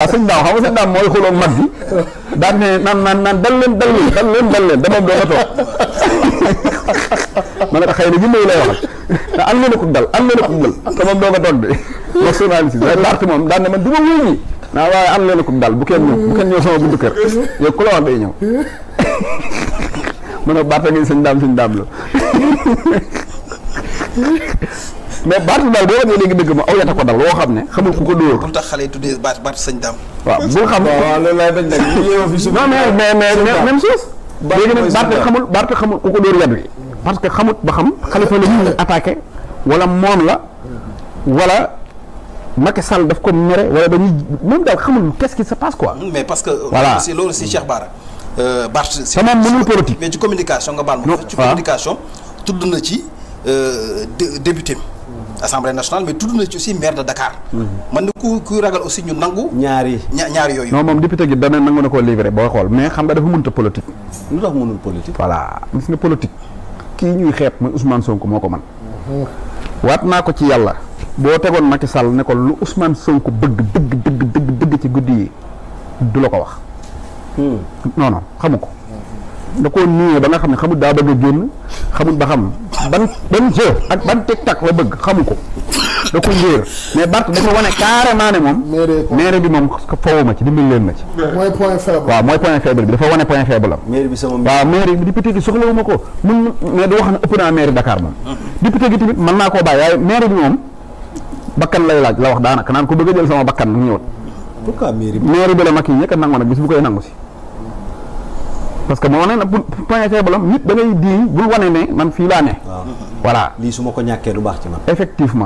waaw sëñ daam xam nga sëñ daam mooy xuloog mag bi daan ne naan naan dal leen dal leen dal leen dal leen da moom doo nga toog ma ne ko na jimbayi lay waxal te leen a kub dal am leen a kub dal te moom doo a toog de nationaliste waaye parti moom daan ne man du ma wuy ñi naa waaye am leen a kub dal bu kenn ñëw bu kenn ñëw sama buntu kër yow ku la wax day ñëw ma ne baata ngi sëñ daam sëñ daam la mais baatu daal boo ko dal xamul ku ko tax non mais même chose. xamul xamul ku ko parce que ba xam la wala la wala. Macky Sall daf ko wala dañuy xamul qu'est-ce qui se passe quoi. mais parce que. c'est l'heure si Cheikh Bara. Euh, mais politique mais ci communication nga bal mo ci communication tudd na ci. euh, député mm-hmm. assemblée nationale mais tout nous aussi maire de Dakar. Mm-hmm. man ko ko ragal aussi ñu nangu. ñaari ñaari yoyu non mom député gi dana nangu na koo livré booy xool mais xam nga dafa mënta politique. lu tax mënul politique. voilà gis nga politique ki ñuy xép mooy Ousmane Sonko moko man mm-hmm. wat na ko ci yalla bo tegoon Macky Sall ne ko lu Ousmane Sonko bëgg bëgg bëgg bëgg bëgg ci guddi du lako ko wax. non non xamuko da ko nuyoo ba nga xam ne xamul daa bëgg a génn xamul ba xam. ban ban jeu ak ban tic-tac la bëgg xamu ko da ko njéer mais Barth dafa wane carrément ne moom. maire bi moom fowuma ci dimbali leen ma ci. waaw mooy point faible bi dafa wane point faible am. maire bi sama waaw maire bi député gi soxlawuma ko mun mais du wax ne ëpp naa maire moom. député naa koo bàyyi waaye maire bi moom bakkan lay laaj la wax daanaka naan ko bëgg a jël sama bakkan mu ñëwut. bi la mag yi ñëkk a nangu nag bis bu koy nangu si. parce que moo ne na bu point faible am nit da ngay di bul wane ne man fii laa ne. voilà lii su ma ko ñàkkee du baax ci man. effectivement.